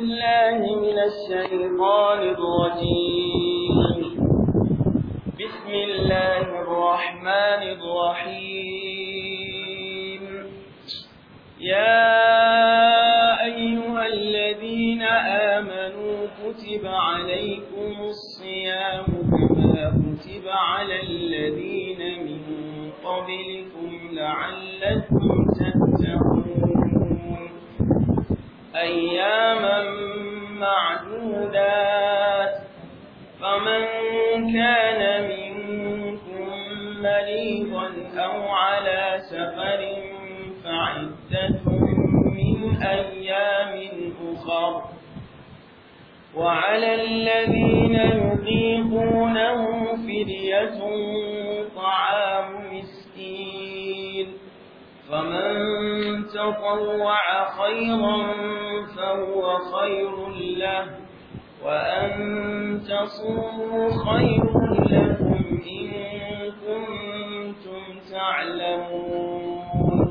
بالله من الشيطان الرجيم بسم الله الرحمن الرحيم يا أيها الذين آمنوا كتب عليكم أياما معدودات فمن كان منكم مريضا أو على سفر فعدة من أيام أخر وعلى الذين يطيقونه فرية فمن تطوع خيرا فهو خير له وأن تصوموا خير لكم إن كنتم تعلمون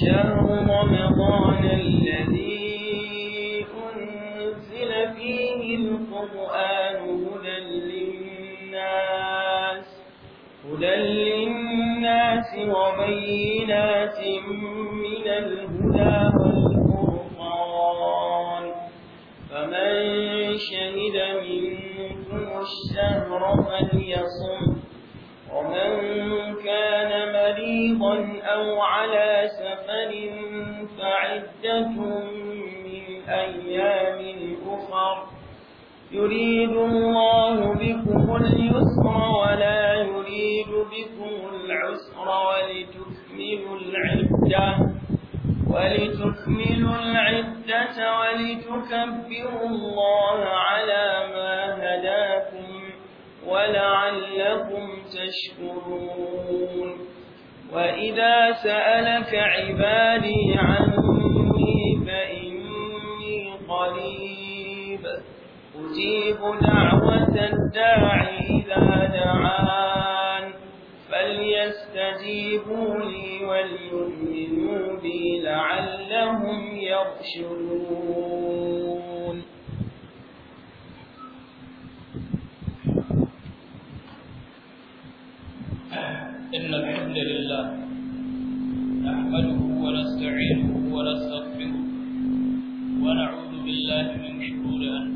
شهر رمضان الذي أنزل فيه القرآن هدى للناس هدى وبينات من الهدى والفرقان فمن شهد منكم الشهر فليصم ومن كان مريضا أو على سفر فعدة من أيام أخر يريد الله بكم اليسر ولا يريد بكم العسر ولتكملوا العدة ولتكملوا العدة ولتكبروا الله على ما هداكم ولعلكم تشكرون وإذا سألك عبادي عني يجيب دعوة الداعي إذا دعان فليستجيبوا لي وليؤمنوا بي لعلهم يرشدون إن الحمد لله نحمده ونستعينه ونستغفره ونعوذ بالله من شرور أنفسنا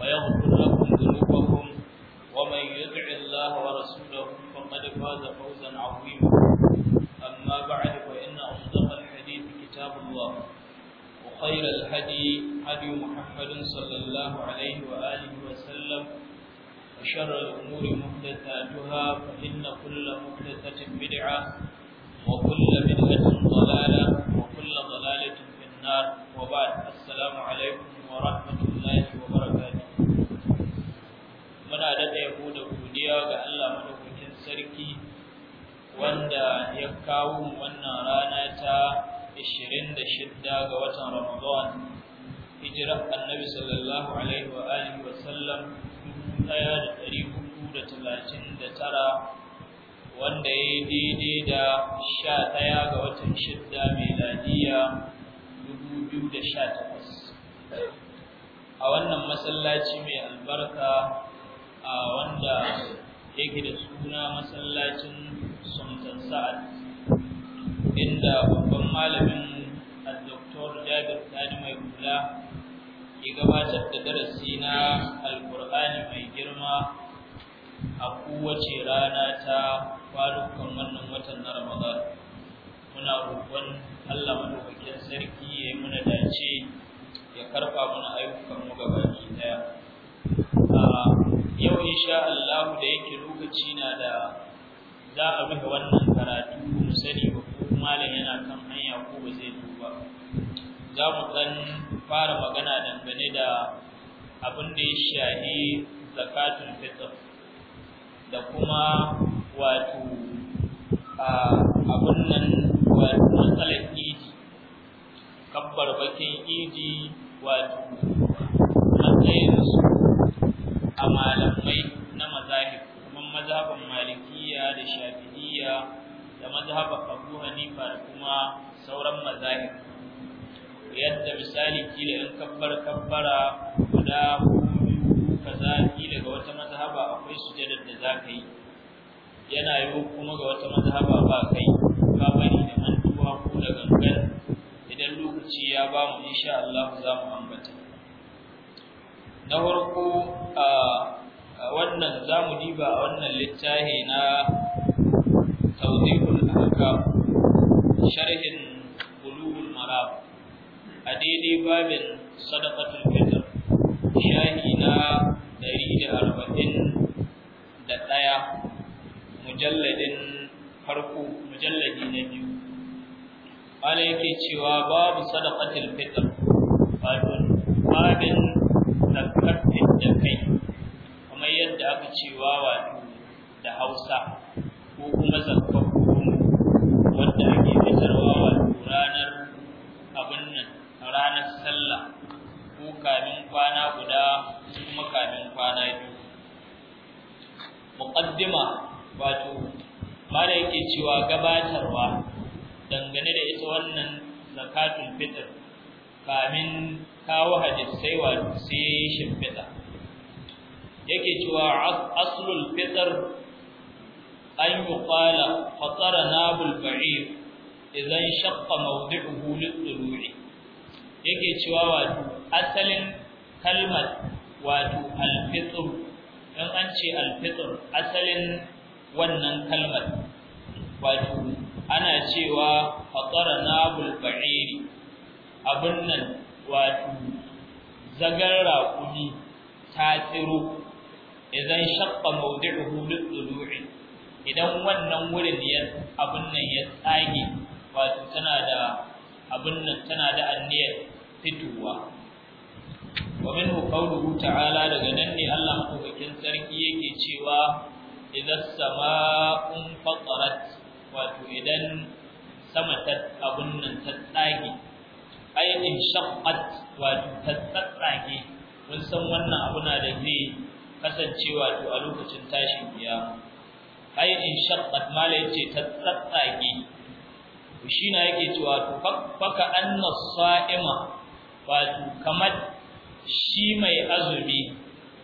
ويغفر لكم ذنوبكم ومن يدع الله ورسوله فقد فاز فوزا عظيما أما بعد فإن أصدق الحديث كتاب الله وخير الهدي هدي محمد صلى الله عليه وآله وسلم وشر الأمور محدثاتها فإن كل محدثة بدعة وكل بدعة ضلالة وكل ضلالة في النار وبعد السلام عليكم ورحمة muna daɗa yabo da godiya ga Allah madaukakin sarki wanda ya kawo mu wannan rana ta 26 ga watan Ramadan hijirar annabi sallallahu alaihi wa alihi wa sallam tara, wanda ya yi daidai da sha ɗaya ga watan shidda miladiya dubu biyu da sha takwas a wannan masallaci mai albarka a wanda yake da suna masallacin sultan sa'ad inda babban malamin al-doktor jabir sani mai kula ya gabatar da darasi na alkur'ani mai girma a kowace rana ta kwanukan wannan watan na ramadan muna roƙon allah madaukakin sarki ya yi muna dace ya karɓa mana ayyukanmu gaba ɗaya yau sha Allah da yake lokaci na da za a buga wannan karatu mu sani ba ko malam yana kan hanya ko ba zai ba, za mu dan fara magana dangane da abin da ya shahi zakatul fitr da kuma wato a abin nan wato matsalar idi kabbar bakin idi wato shafi'iyya da mazhabar Abu Hanifa da kuma sauran mazahib yadda misali kila in kabbar kabbara guda kaza kila ga wata mazhaba akwai sujadar da ka yi yana yiwu kuma ga wata mazhaba ba kai ka bari da mantuwa ko da gangan idan lokaci ya ba mu insha Allah za mu ambata na farko a wannan za mu diba a wannan littafi na tawdihul ahkam sharhin bulughul maram a daidai babin sadaqatul fitr shahi na 141 mujalladin farko mujalladi na biyu ala yake cewa babu sadaqatul fitr wato babin zakat da kai yadda aka ce wawa da Hausa ko kuma zakkafu wanda ake fitarwa wa ranar abin nan ranar sallah ko kamin kwana guda kuma kamin kwana biyu muqaddima wato mara yake cewa gabatarwa dangane da ita wannan zakatul fitr kamin kawo hadisai wato sai shimfiɗa yake cewa aslul fitr an yuqala fatara nabul ba'ir idan shaqqa mawdi'uhu lit-tulu'i yake cewa wato asalin kalmar wato al-fitr an ce al asalin wannan kalmar wato ana cewa fatara nabul ba'ir abin nan wato zagar raƙumi ta tsiro idan shaqqa mawdi'uhu lidulu'i idan wannan wurin ya abin nan ya tsage wato tana da abin nan tana da anniyar fituwa wa minhu qawluhu ta'ala daga nan ne Allah madaukakin sarki yake cewa idan sama'un fatarat wato idan sama ta abun nan ta tsage ay in shaqqat wato ta tsage mun san wannan abu na da zai kasancewa to a lokacin tashin biya ai in shaqqat mala yace ta tsatsage shi na yake cewa faka anna sa'ima wato kamar shi mai azumi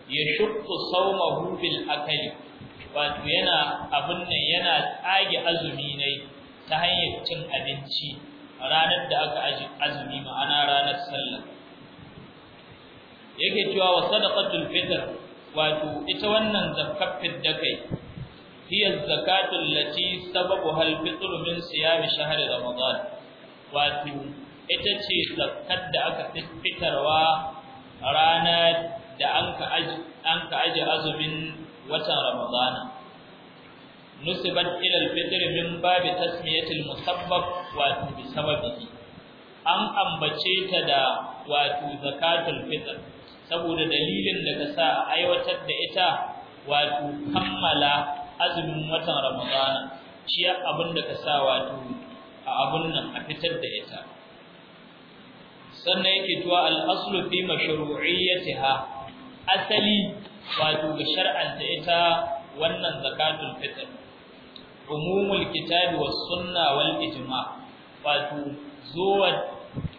ya shukku saumahu bil akali wato yana abin nan yana tsage azumi ne ta hanyar cin abinci ranar da aka aji azumi ma'ana ranar sallah yake cewa wa sadaqatul fitr wato ita wannan zakaffin da kai hiya zakatul lati sababu hal fitr min siyam shahr ramadan wato ita ce zakat da aka fitarwa ranar da anka aji anka aji azumin watan ramadana nusibat ila al-fitr min babi tasmiyatil musabbab wato bi sababihi an ambace ta da wato zakatul fitr saboda dalilin da ka sa aiwatar da ita wato kammala azumin watan ramadana shi abin da ka sa wato a abin nan a fitar da ita sannan yake tuwa al fi mashru'iyyatiha asali wato ga shar'anta ita wannan zakatul fitr umumul kitabi was sunna wal ijma wato zuwa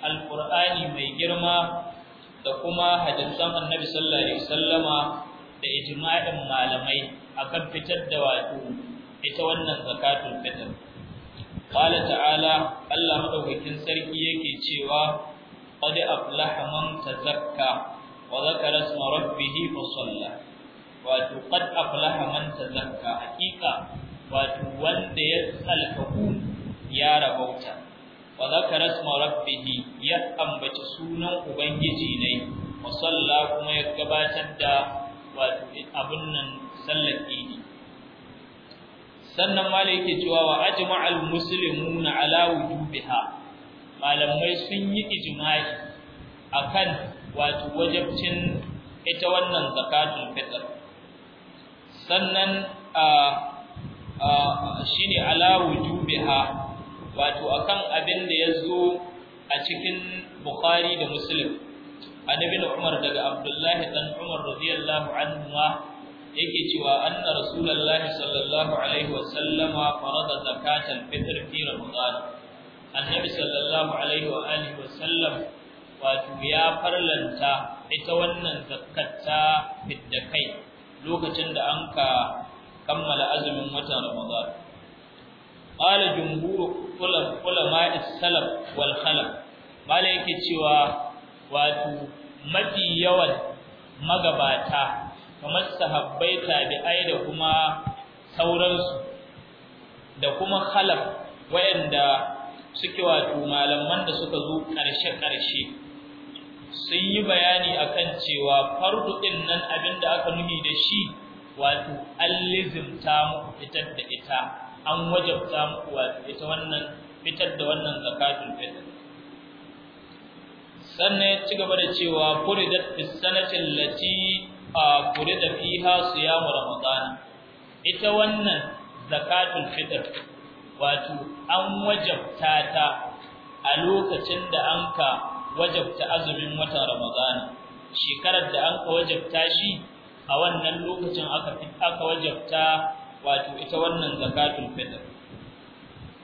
alqur'ani mai girma da kuma hadisan annabi sallallahu alaihi wasallama da ijma'in malamai akan fitar da wato ita wannan zakatul fitr qala ta'ala Allah madaukakin sarki yake cewa qad aflaha man tazakka wa zakara isma rabbih fa salla wato qad aflaha man tazakka hakika wato wanda ya tsalkaku ya rabauta wa zakara isma rabbih ya ambaci sunan ubangiji ne musalla kuma ya gabatar da wato abun nan sallar idi sannan malai yake cewa wa ajma'al muslimuna ala wujubiha malamai sun yi ijma'i akan wato wajibcin ita wannan zakatul fitr sannan a shine ala wujubiha wato akan abin da ya zo a cikin Bukhari da Muslim annabi Umar daga Abdullahi dan Umar radiyallahu anhu ma yake cewa anna rasulullahi sallallahu alaihi wa sallama farada zakatal fitr fi ramadan annabi sallallahu alaihi wa alihi wa sallam wato ya farlanta ita wannan zakata fidda kai lokacin da an ka kammala azumin watan ramadan qala jumhur ulama as-salaf wal yake cewa wato mafi yawan magabata kamar sahabbai tabi'ai da kuma sauransu da kuma khalaf wayanda suke wato malaman da suka zo karshe karshe sun yi bayani akan cewa fardu din nan abinda aka nuni da shi wato allizim ta mu fitar da ita an wajabta muku wato ita wannan fitar da wannan zakatul fitr sannan ya ci gaba da cewa furidat bis sanati allati furida fiha siyam ramadan ita wannan zakatul fitr wato an wajabta ta a lokacin da anka wajabta azumin watan ramadan shekarar da anka wajabta shi a wannan lokacin aka aka wajabta wato ita wannan zakatul fitr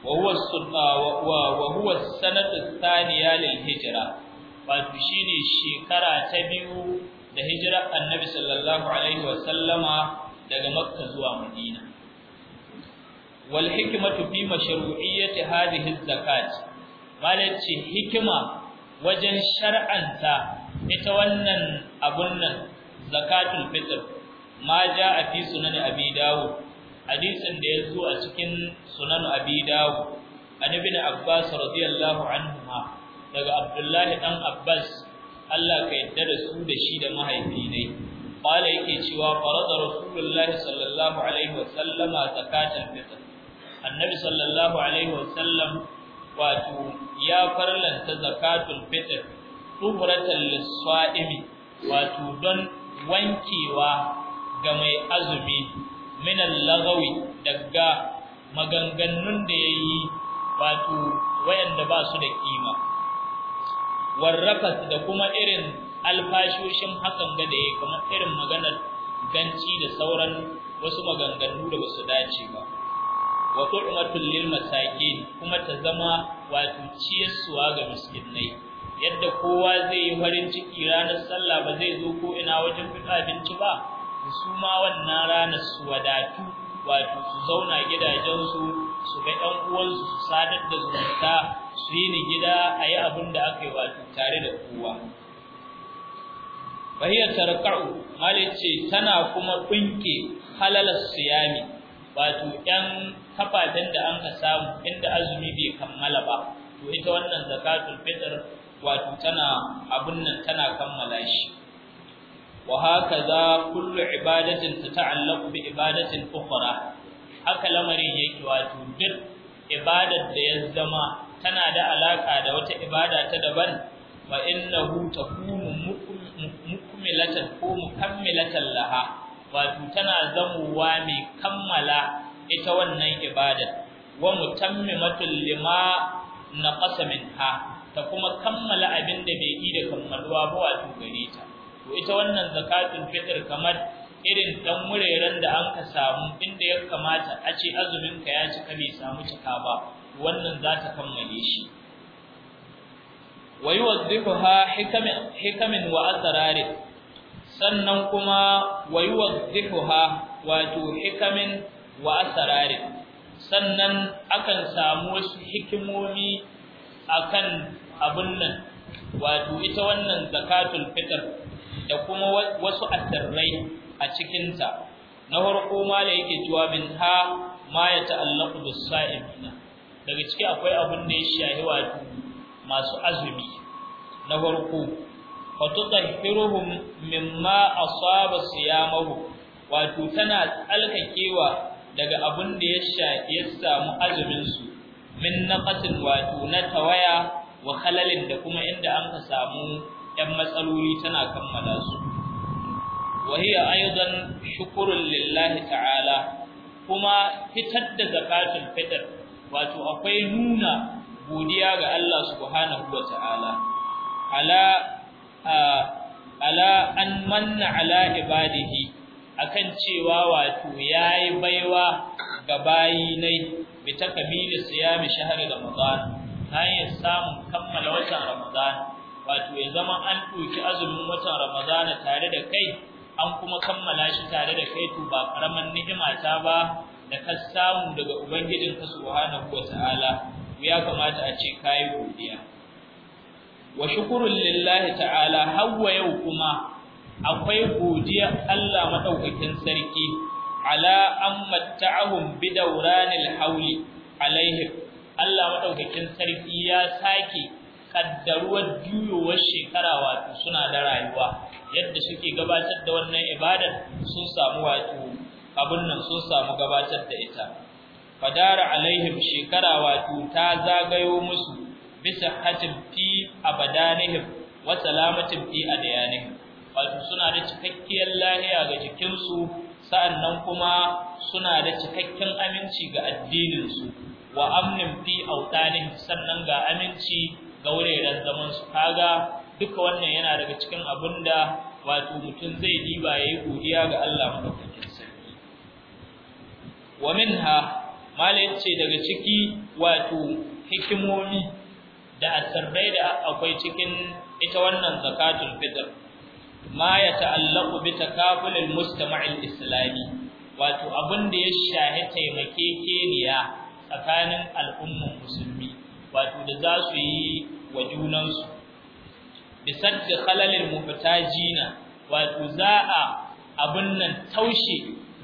wa huwa sunna wa wa huwa sanatu thaniya lil hijra wato shine shekara ta biyu da hijrar annabi sallallahu alaihi wa sallama daga makka zuwa madina wal hikmatu fi mashru'iyyati hadhihi zakat malaci hikima wajen shar'anta ita wannan abun nan zakatul fitr ma jaa fi sunan abi dawud hadisin da ya zo a cikin sunan abi dawud an ibn abbas radiyallahu anhuma daga abdullahi dan abbas Allah ka yadda da su da shi da mahaifi ne qala yake cewa farada rasulullahi sallallahu alaihi wa sallama zakatan fitr annabi sallallahu alaihi wa sallam wato ya farlanta zakatul fitr tuhratan lis-sa'imi wato don wankewa ga mai azumi Mina al-lagawi daga maganganun da yayi wato wayanda ba su da kima warrafas da kuma irin alfashoshin hakan ga da kamar irin maganar ganci da sauran wasu maganganu da basu dace ba Wato tu'matul lil masakin kuma ta zama wato ciyarsuwa ga miskinai yadda kowa zai yi farin ciki ranar sallah ba zai zo ko ina wajen fita abinci ba to su ma wannan ranar su wadatu wato su zauna gidajensu su ga ɗan uwansu su sadar da zumunta su yi ni gida a yi abin da aka yi wato tare da kowa fahiyar tarqa'u malice tana kuma binke halalar siyami wato 'yan kafafen da an ka samu inda azumi bai kammala ba to ita wannan zakatul fitr wato tana abun nan tana kammala shi وهكذا كل عبادة تتعلق بعبادة أخرى haka lamarin yake wato duk ibadar da ya zama tana da alaka da wata ibada ta daban wa innahu takunu mukmilatan ko mukammilatan laha wato tana zamuwa mai kammala ita wannan ibada wa mutammimatul lima naqasa minha ta kuma kammala abin da bai yi da kammaluwa ba wato gare ta to ita wannan zakatul fitr kamar irin dan mureren da an ka samu inda ya kamata a ce azumin ka ya cika bai samu cika ba wannan za ta kammale shi wa yuwaddihuha hikamin hikamin wa asrarin sannan kuma wayuwaddihuha wato hikamin wa asrarin sannan akan samu wasu hikimomi akan abun nan wato ita wannan zakatul fitr da kuma wasu asirrai a cikin ta na farko mala yake cewa ha ma ya ta'allaqu bis daga ciki akwai abin da ya shahi wato masu azumi na farko fa tutahhiruhum mimma asaba siyamahu wato tana tsalkakewa daga abin da ya shafi ya samu azumin su min naqatin wato na tawaya wa khalalin da kuma inda an ka samu ‘yan matsaloli tana kammala su. Wahiya aizan shukurun lillahi ta'ala kuma fitar da zakatun fitar wato akwai nuna godiya ga Allah subhanahu wa ta'ala. an manna ala ibadihi akan cewa wato ya yi baiwa ga bayinai bi takamili siyami shahar Ramadan, hanyar samun kammala watan Ramadana." wato ya zama an ɗauki azumin watan Ramadana tare da kai an kuma kammala shi tare da kai to ba karaman ni'ima ta ba da ka samu daga ubangijin ka subhanahu ta'ala ya kamata a ce kai godiya wa shukrul lillahi ta'ala hawa yau kuma akwai godiya Allah madaukakin sarki ala amma bidawranil hawli alaihim Allah madaukakin sarki ya sake kaddaruwar juyowar shekara wato suna da rayuwa yadda suke gabatar da wannan ibadar sun samu wato abin nan sun samu gabatar da ita fadara alaihim shekara wato ta zagayo musu bisa hatim fi abadanihim wa salamatin fi adyanihim wato suna da cikakkiyar lahiya ga jikinsu sa'annan kuma suna da cikakken aminci ga addininsu wa amnin fi autanin sannan ga aminci gaure zaman su kaga duka wannan yana daga cikin abinda wato mutum zai diba yayi godiya ga Allah madaukakin sarki wa minha malai ce daga ciki wato hikimomi da asirrai da akwai cikin ita wannan zakatul fitr ma ya ta'allaqu bi ta al-mustama' al-islami wato abin da ya shahi taimakekeniya tsakanin al'umman musulmi wato da za su yi wa junansu bisadda khalalil muftajina wato za a abin nan taushe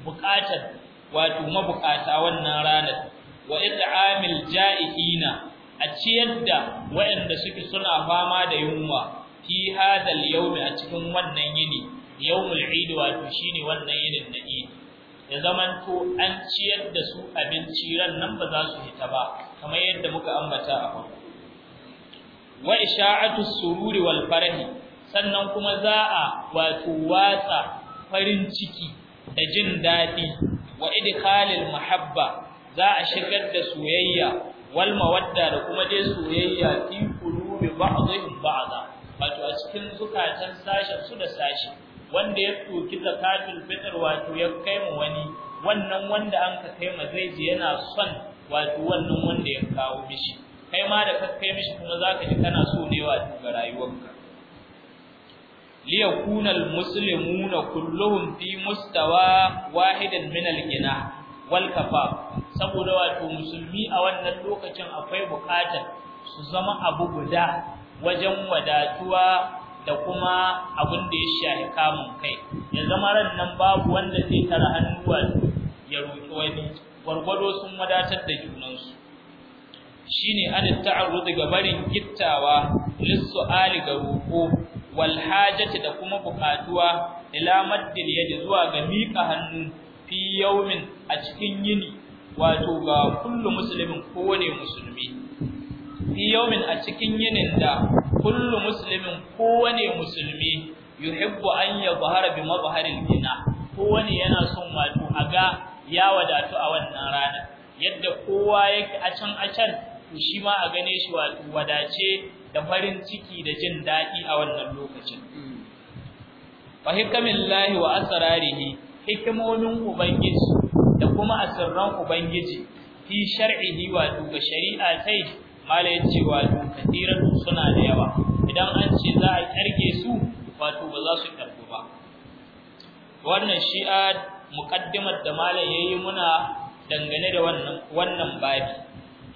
bukatar wato mabukata wannan ranar wa it'amil ja'ihina a ciyar da waɗanda suke suna fama da yunwa fi hadal yawmi a cikin wannan yini yawmul eid wato shine wannan yinin na eid ya zamanto an ciyar da su abinci ran nan ba za su hita ba kamar yadda muka ambata a farko wa isha'atu sururi wal farahi sannan kuma za a wato watsa farin ciki da jin dadi wa idkhalil mahabba za a shigar da soyayya wal mawadda da kuma dai soyayya fi qulubi ba'dihim ba'da wato a cikin zukatan sashen su da sashi wanda ya tsoki zakatul fitr wato ya kai mu wani wannan wanda an ka kai ma zai ji yana son wato wannan wanda ya kawo mishi kai ma da kai mishi kuma zaka ji kana so ne wato ga rayuwarka li yakuna al muslimuna kulluhum fi mustawa wahidin min al gina wal kafa saboda wato musulmi a wannan lokacin akwai bukatar su zama abu guda wajen wadatuwa da kuma abin da ya shafi kamun kai ya zama ran nan babu wanda zai tara hannuwa ya roƙi wani gwargwado sun wadatar da junansu shine an ta'arrud ga barin gittawa lissu Ali ga roko wal hajati da kuma bukatuwa ila maddil yaji zuwa ga mika hannu fi yawmin a cikin yini wato ga kullu muslimin kowane musulmi fi yawmin a cikin yinin da kullu muslimin kowane musulmi yuhibbu an yadhhara bi madhharil gina kowane yana son wato aga ya wadatu a wannan rana yadda kowa yake a can a can to shi ma a gane shi wato wadace da farin ciki da jin daɗi a wannan lokacin fa hikamillahi wa asrarihi hikimomin ubangiji da kuma asirran ubangiji fi shar'ihi wato ga shari'a sai mala yace wato kadiran suna da yawa idan an ce za a karge su wato ba za su karbu ba wannan shi'a muqaddimar da malam yayi muna dangane da wannan wannan babi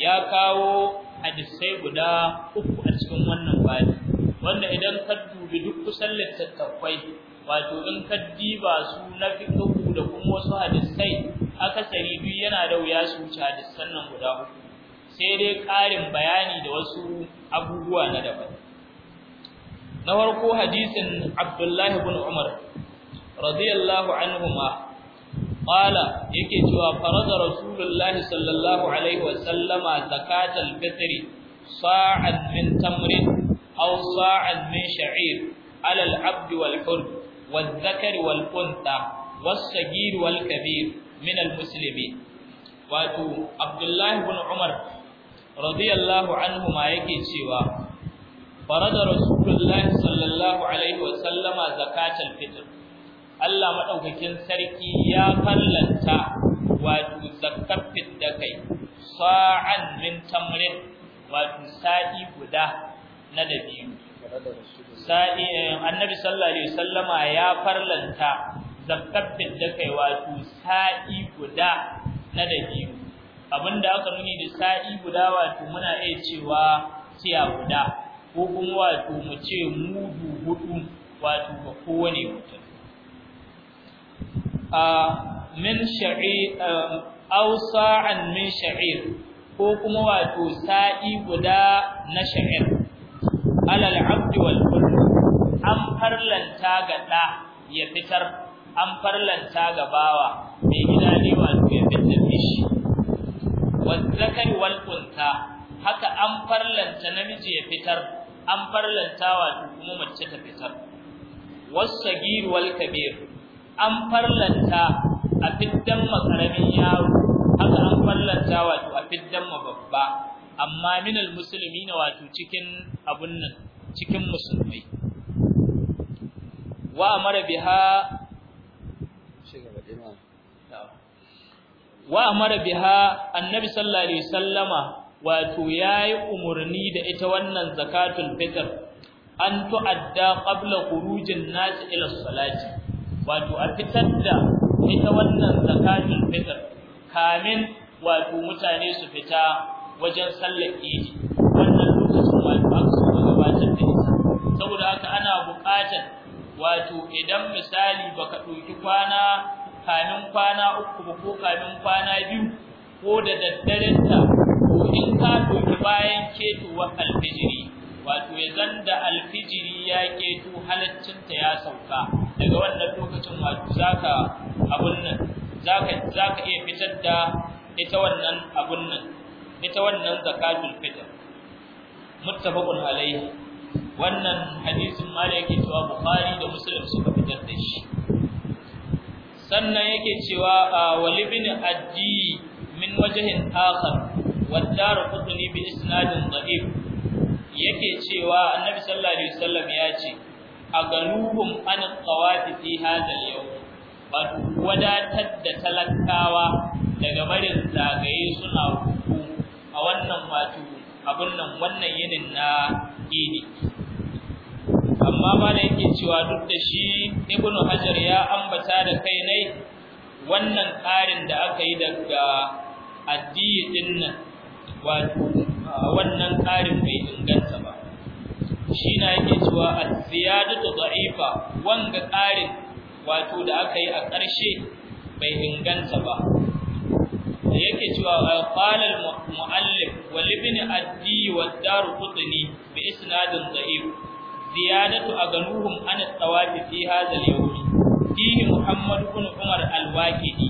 ya kawo hadisai guda uku a cikin wannan babi wanda idan ka dubi duk kusan littattafai wato in ka diba su na fiqhu da kuma wasu hadisai sani duk yana da wuya su wuce hadisan nan guda uku sai dai ƙarin bayani da wasu abubuwa na daban na farko hadisin Abdullahi ibn Umar radiyallahu anhuma qala yake cewa farada rasulullahi sallallahu alaihi wa wasallama zakatul fitri sa'an min tamrin aw sa'an min sha'ir ala al-abd wal hur wal dhakar wal untha was sagir wal kabir min al-muslimin wato abdullahi ibn umar radiyallahu anhu ma yake cewa farada rasulullahi sallallahu alaihi wa wasallama zakatul fitr Allah madaukakin sarki ya kallanta wato zakkar da kai sa'an min tamrin wato sa'i guda na dabiyu sa'i eh, annabi sallallahu alaihi wasallama ya farlanta zakkar da kai wato sa'i guda na dabiyu abinda aka nuni da sa'i guda wato muna iya cewa tiya guda ko kuma wato mu ce mudu hudu wato ga kowane mutum min sha'ir aw sa'an min sha'ir ko kuma wato sa'i guda na sha'ir alal abdi wal an farlanta ga da ya fitar an farlanta ga bawa mai gida ne wato ya fitar shi wazzakari wal unta haka an farlanta namiji ya fitar an farlanta wato kuma mace ta fitar wasagir wal kabir an farlanta a fiddan makaramin yaro haka an farlanta wato a fiddan babba amma minal muslimina wato cikin abun nan cikin musulmai wa amara biha wa amara biha annabi sallallahu alaihi wasallama wato yayi umurni da ita wannan zakatul fitr an tu'adda qabla khurujin nas ila salati wato a fitar da ita wannan zakatul fitr kamin wato mutane su fita wajen sallar Eid wannan lokacin wato aka so gabatar da ita saboda haka ana buƙatar wato idan misali baka ɗauki kwana kamin kwana uku ba ko kamin kwana biyu ko da daddaren ta ko in ka ɗauki bayan ketowar alfijiri wato ya zanda alfijiri ya keto halaccin ya sauka daga wannan lokacin wato zaka abun nan zaka zaka iya fitar da ita wannan abun nan ita wannan zakatul fitr muttafaqun alaihi wannan hadisin malaki cewa bukhari da muslim suka fitar da shi sannan yake cewa wal ibn addi min wajhin akhar والدار قطني بإسناد ضعيف yake cewa annabi sallallahu alaihi wasallam ya ce aganuhum an qawati fi hadha al-yawm wato wadatar da talakawa daga barin zagaye suna ku a wannan wato abun nan wannan yinin na gini amma da yake cewa duk da shi ibnu hajar ya ambata da kai nai wannan ƙarin da aka yi daga addinin nan wato wannan ƙarin bai shi yake cewa az-ziyadatu da'ifa wanga ƙarin wato da aka yi a ƙarshe bai inganta ba da yake cewa qala al-muallif wal ibn addi wa ad-darqutni bi isnadin da'if ziyadatu aganuhum an at-tawafi fi hadha al-yawm fihi muhammad ibn umar al-waqidi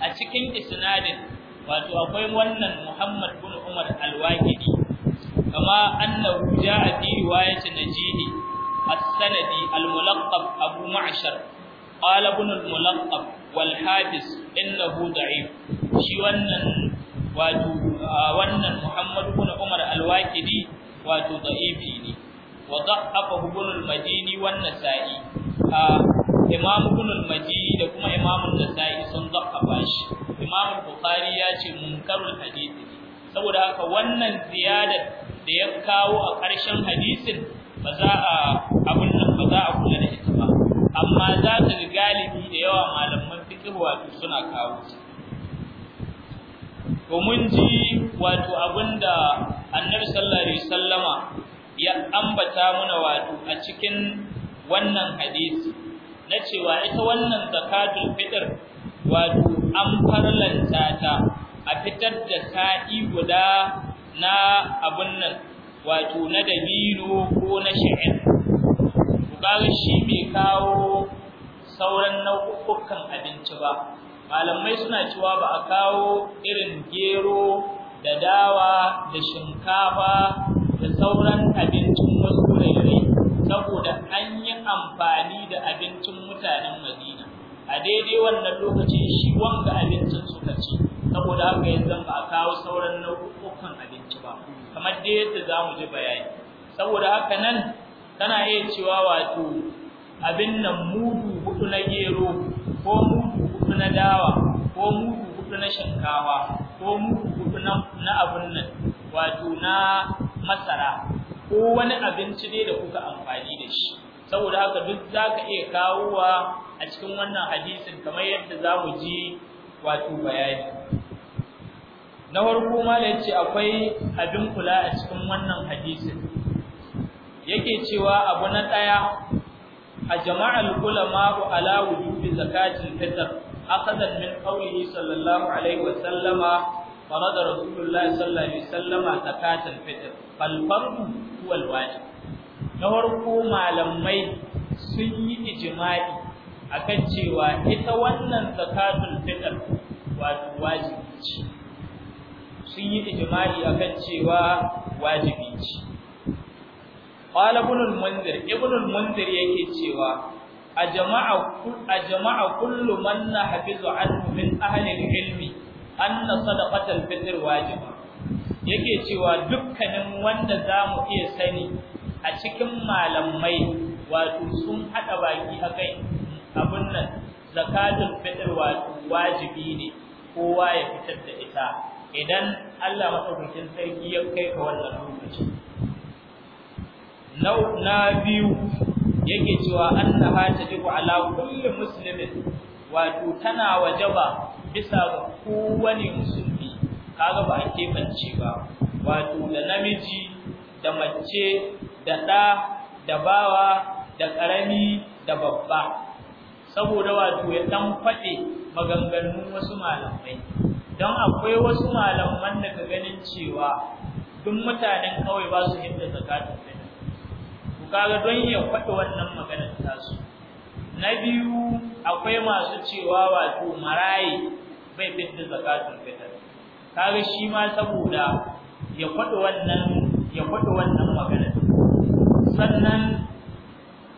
a cikin isnadin wato akwai wannan muhammad ibn umar al-waqidi kama annahu jaa bi riwayati najidi as-sanadi al-mulaqqab abu ma'shar qala ibn al-mulaqqab wal hadis innahu da'if shi wannan wato wannan muhammad umar al-waqidi wato da'ifi ne wa da'afa ibn al-madini wan nasa'i imam ibn al-madini da kuma imam an-nasa'i sun da'afa shi imam bukhari ya ce munkarul hadith saboda haka wannan ziyadar da ya kawo a ƙarshen hadisin ba za a abin nan ba za a kula da ita ba amma za ta ga galibi da yawa malaman fikir wato suna kawo shi to mun ji wato abinda annabi sallallahu alaihi wasallama ya ambata mana wato a cikin wannan hadisi na cewa ita wannan zakatul fitr wato an farlanta ta a fitar da sa'i guda na abun nan wato na dabino ko na shi'ir bukari shi mai kawo sauran nau'ukan abinci ba malamai suna cewa ba a kawo irin gero da dawa da shinkafa da sauran abincin wasu rairai saboda an yi amfani da abincin mutanen madina a daidai wannan lokacin shi wanga abincin suka ci saboda haka yanzu ba a kawo sauran nau'ukan abinci kamar dai yadda zamu ji bayani saboda haka nan tana iya cewa wato abin nan mudu hudu na gero ko mudu hudu na dawa ko mudu hudu na shinkawa ko mudu hudu na abin nan wato na masara ko wani abinci ne da kuka amfani da shi saboda haka duk zaka iya kawowa a cikin wannan hadisin kamar yadda zamu ji wato bayani na farko malai ce akwai abin kula a cikin wannan hadisin yake cewa abu na daya a jama'al ulama ala wujubi zakati fitr akadan min qawlihi sallallahu alaihi wa sallama farada rasulullah sallallahu alaihi wa sallama zakatil fitr fal fardu huwa al wajib na farko malamai sun yi ijma'i akan cewa ita wannan zakatul fitr wato wajibi ce sun yi ijima'i akan cewa wajibi ce qala ibn al-munzir ibn al-munzir yake cewa a jama'a kullu man nahfizu anhu min ahli al-ilmi anna sadaqatal fitr wajiba yake cewa dukkanin wanda za mu iya sani a cikin malamai wato sun hada baki akai abun nan zakatul fitr wajibi ne kowa ya fitar da ita idan Allah madaukakin sarki ya kai ka wannan lokaci na biyu yake cewa annaha tajibu ala kulli muslimin wato tana wajaba bisa ga kowane musulmi kaga ba a ba wato da namiji da mace da ɗa da bawa da ƙarami da babba saboda wato ya ɗan faɗe maganganun wasu malamai don akwai wasu malaman da ka ganin cewa duk mutanen kawai ba su hidda zakatun fitr ku kaga don ya faɗi wannan maganar tasu na biyu akwai masu cewa wato marayi bai fidda zakatun fitr kaga shi ma saboda ya faɗi wannan ya faɗi wannan maganar sannan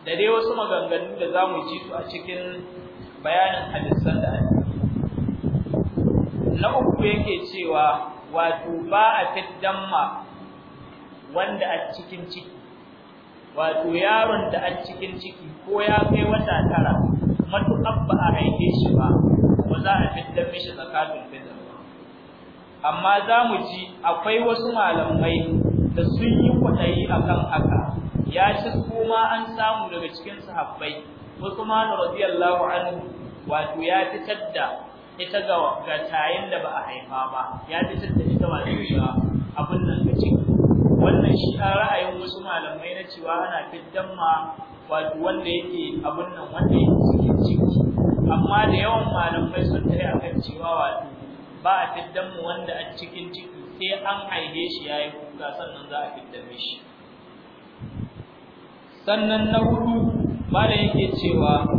da dai wasu maganganu da zamu ji su a cikin bayanin hadisan da ake na uku yake cewa wato ba a fiddan wanda a cikin ciki wato yaron da a cikin ciki ko ya kai wata tara matuƙar ba a haife shi ba ba za a fiddan shi zakatul fitr amma za mu ji akwai wasu malamai da sun yi kwaɗayi akan haka ya ci kuma an samu daga cikin sahabbai Usman radiyallahu anhu wato ya fitar da ita ga ga tayin da ba a haifa ba ya fitar da ita ba da abin nan ga ci wannan shi a ra'ayin wasu malamai na cewa ana fiddan ma wato wanda yake abin nan wanda yake ciki amma da yawan malamai sun tare akan cewa wato ba a fiddan mu wanda a cikin ciki sai an haife shi yayi kuka sannan za a fiddan shi. sannan na hudu malam yake cewa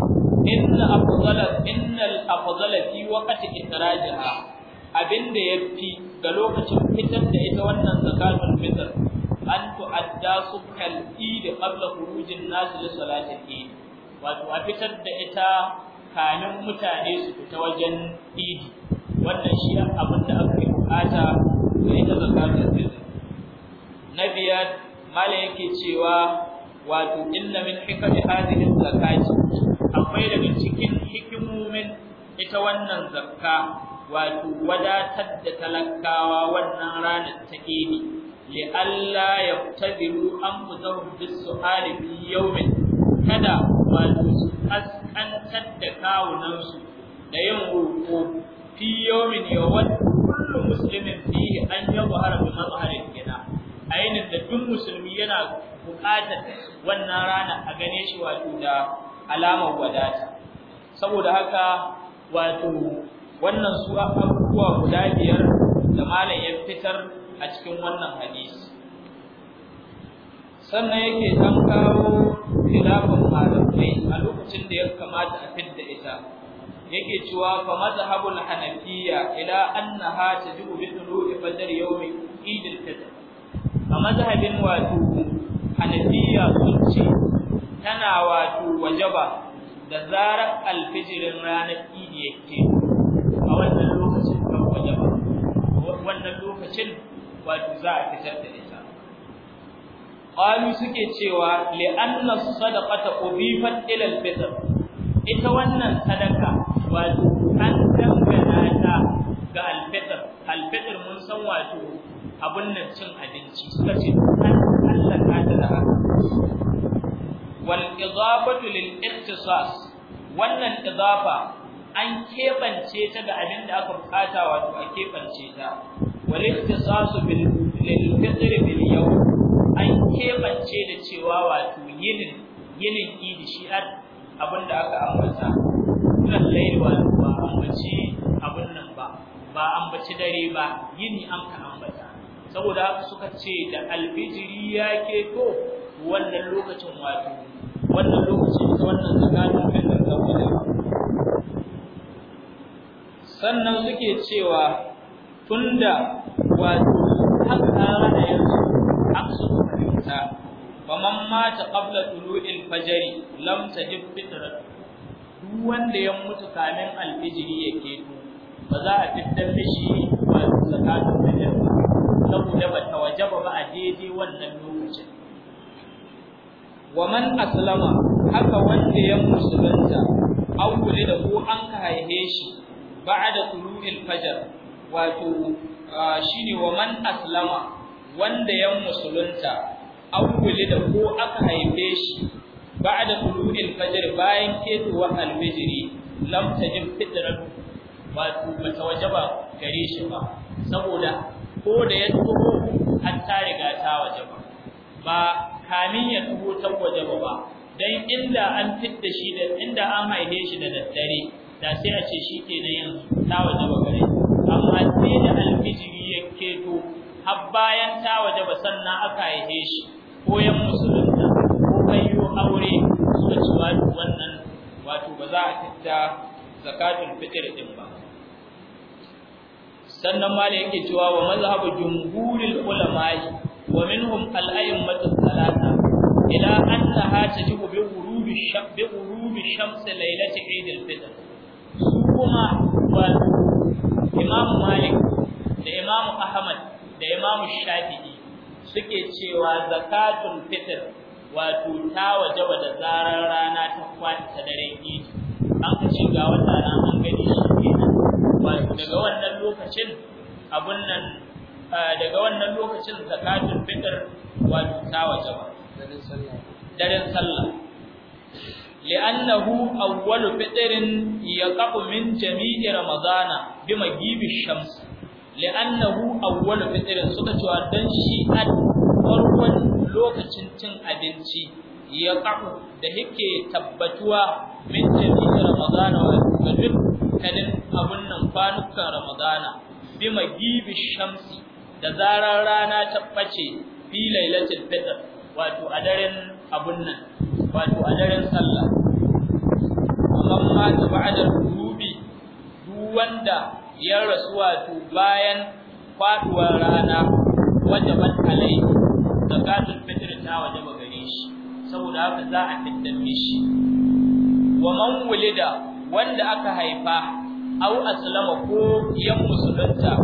inna afdala innal afdala fi waqti itrajiha abinda yafi ga lokacin fitar da ita wannan zakatul fitr an tu'adda subhal id qabla khurujin nas li salatil id wato a fitar da ita kanin mutane su fita wajen id wannan shi abinda aka yi bukata da ita zakatul fitr nabiyat mala cewa wato inna min hikami hadhihi zakati akwai daga cikin hikimomin ita wannan zakka wato wadatar da talakawa wannan ranar ta idi li'alla an anfusahum bis-su'ali bi yawmin kada wato su askantar da kawunan su da yin roƙo fi yawmin yawaddu kullu muslimin fihi an yadhhara bi mazharin gina ainin da duk musulmi yana buƙatar wannan rana a gane shi wato da alamar wadata saboda haka wato wannan su abubuwa guda biyar da malam ya fitar a cikin wannan hadisi sannan yake dan kawo khilafin malamai a lokacin da ya kamata a fidda ita yake cewa fa mazhabul hanafiya ila annaha tajibu bi tulu'i fajr yawmi idil fitr a mazhabin wato hanafiya sun ce tana wato wajaba da zarar alfijirin ranar idi yake a wannan lokacin kan wajaba wannan lokacin wato za a fitar da ita qalu suke cewa li anna sadaqata ubifat ila alfitr ita wannan sadaka wato an dangana ta ga alfitr alfitr mun san wato abun nan cin abinci suka ce an Allah ka da haka wal idafatu wannan idafa an kebance ta da abin da aka bukata wato a kebance ta wal ikhtisas bil lil fitr bil an kebance da cewa wato yinin yinin idi shi abin da aka ambata lallai wa ba ambaci abin nan ba ba ambaci dare ba yini an ka ambata saboda suka ce da albijiri ya to wannan lokacin wato wannan lokacin da wannan tsakanin wannan kawai sannan suke cewa tunda wato haka da yanzu an so fahimta faman mata qabla tulu'il fajri lam tajib fitra duk wanda ya mutu kamin alfijiri yake to ba za a fitar da shi ba tsakanin da ba saboda ba ta wajaba ba a daidai wannan lokacin wa man aslama haka wanda ya musulunta aw da ko an haife shi ba'da tulu'il wanda ya musulunta aw da ko aka haife shi ba'da tulu'il fajr bayan ketuwar al-fajri lam tajib fitratu gare shi ba saboda ko da ya tsoro an ta riga ta ba kamin ya tuho ta waje ba dan inda an fitta shi da inda an haife shi da daddare da sai a ce shi ke nan yanzu ta waje ba gare amma sai da alfijiri ya keto har bayan ta waje ba sannan aka haife shi ko yan musulunta ko kayo aure suka ci wato wannan wato ba za a fitta zakatul fitr din ba sannan mala yake cewa wa mazhabu jumhuril ulama'i wa minhum al-a'immatu thalatha ila annaha tajibu bi ghurubi bi ghurubi shams laylati Eid al su kuma Imam Malik da Imam Ahmad da Imam Shafi'i suke cewa zakatun fitr wato ta wajaba da zarar rana ta kwanta ta daren ne, an ka shiga wannan ran an gani shi kenan wato daga wannan lokacin abun nan daga wannan lokacin zakatul fitr wato ta wajaba Darin sallah daren sallah li'annahu awwalu fitrin yaqabu min jami'i ramadana bima gibi shams li'annahu awwalu fitrin suka cewa dan shi an farkon lokacin cin abinci yaqabu da yake tabbatuwa min jami'i ramadana wa duk kanin abun nan kwanukan ramadana bima gibi shamsi da zarar rana ta bace fi lailatul fitr wato a daren abun nan wato a daren sallah amma ta ba'da rubi duk wanda ya rasu wato bayan faduwar rana wajabat alai zakatul fitr ta waje ba gare shi saboda haka za a fitar shi wa man wulida wanda aka haifa au aslama ko yan musulunta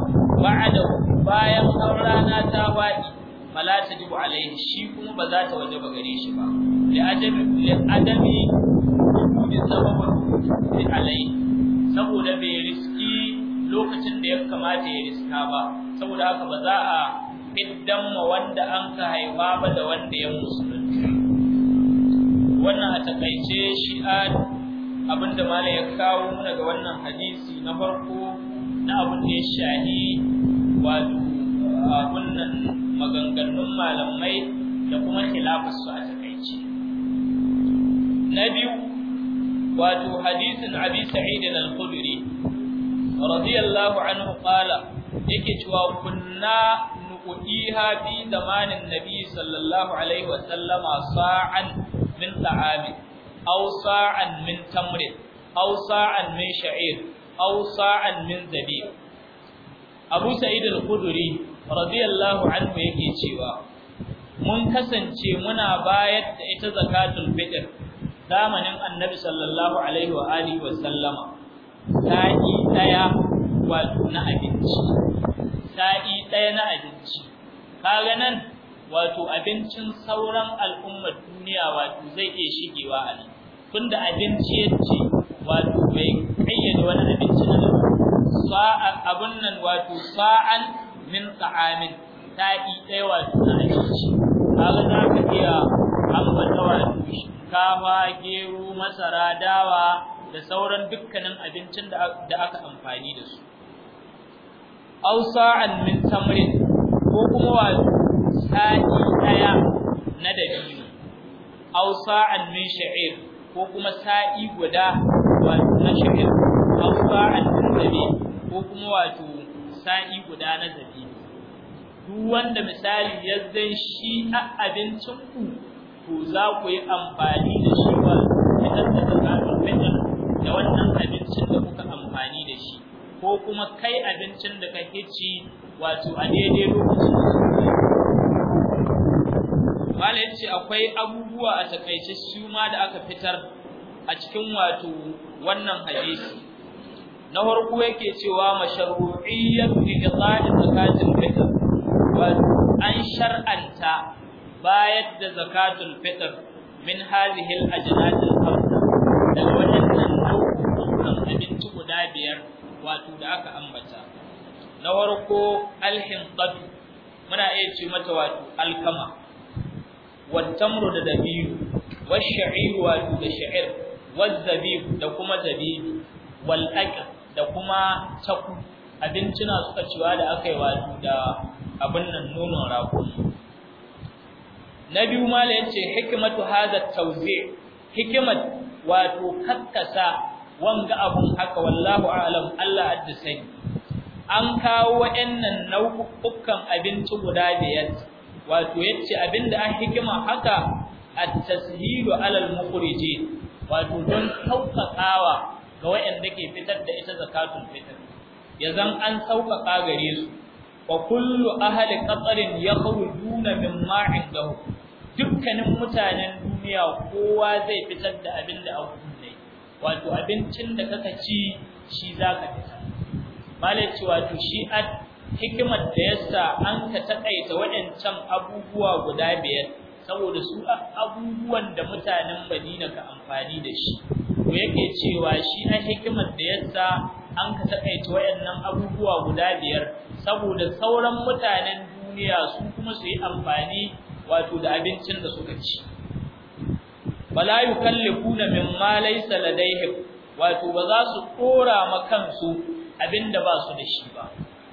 ba'da bayan rana ta wadi fala tajibu alaihi shi kuma ba za ta ba gare shi ba li adami li adami bi sababin alai saboda bai riski lokacin da ya kamata ya riska ba saboda haka ba za a fiddan ma wanda an ka haifa ba da wanda ya musulunci wannan a takaice shi'a abinda malam ya kawo muna ga wannan hadisi na farko na abin da ya shahi wato wannan maganganun malamai da kuma khilafarsu a takaice na biyu wato hadisin abi sa'id al-khudri radiyallahu anhu qala yake cewa kunna nuqiha fi zamanin nabi sallallahu alaihi wa sallama sa'an min ta'amin aw sa'an min tamrin aw sa'an min sha'ir aw sa'an min zabib Abu Sa'id al-Khudri radiyallahu anhu yake cewa mun kasance muna bayar da ita zakatun fitr zamanin Annabi sallallahu alaihi wa wa sallama sa'i daya na abinci sa'i daya wato abincin sauran al'ummar duniya wato zai iya shigewa a nan tunda abinci yace wato shine wani abinci na nan, sa'an abun nan wato sa'an min ta'amin ta'i ɗaya wato na abinci kaga za ka iya ambata wato shinkafa gero masara dawa da sauran dukkanin abincin da aka amfani da su aw sa'an min tamrin ko kuma wato sa'i ɗaya na dabino aw sa'an min sha'ir ko kuma sa'i guda wato na sha'ir sa'atun zabi ko kuma wato sa'i guda na zabi duk wanda misali ya zan shi a abincin ku to za ku yi amfani da shi ba idan da tsakanin da wannan abincin da kuka amfani da shi ko kuma kai abincin da kake ci wato a daidai lokacin Malam yace akwai abubuwa a takaice su ma da aka fitar a cikin wato wannan hadisi na farko yake cewa mashru'iyyat liqa'i zakatul fitr wa an shar'anta bayar da zakatul fitr min hadhihi al-ajnad al-khamsa da wannan nau'in abinci guda biyar wato da aka ambata na farko al muna iya ce mata wato alkama والتمر da dabiu والشعير wato da sha'ir والزبيب da kuma zabibi wal aql da kuma taku na suka ciwa da aka yi wa da abin nan nonon rago na biyu mala yace hikmatu hada tawzi hikmat wato kakkasa wanga abun haka wallahu a'lam Allah sai. an kawo waɗannan nau'ukan abinci guda biyar wato yace abinda an hikima haka at tasheedu 'ala al wato don sauƙaƙawa ga wayanda ke fitar da ita zakatul fitr yazan an sauƙaƙa gare su wa kullu ahli qatarin yakhrujuna min ma'in dukkanin mutanen duniya kowa zai fitar da abin da aku ne wato abincin da kaka ci shi zaka fitar malaci wato shi ad hikimar da yasa an ka takaita waɗancan abubuwa guda biyar saboda su abubuwan da mutanen Madina ka amfani da shi to yake cewa shi na hikimar da yasa an ka takaita wayannan abubuwa guda biyar saboda sauran mutanen duniya su kuma su yi amfani wato da abincin da suka ci bala yukallifuna mimma laysa ladayhim wato ba za su kora ma kansu abinda ba su da shi ba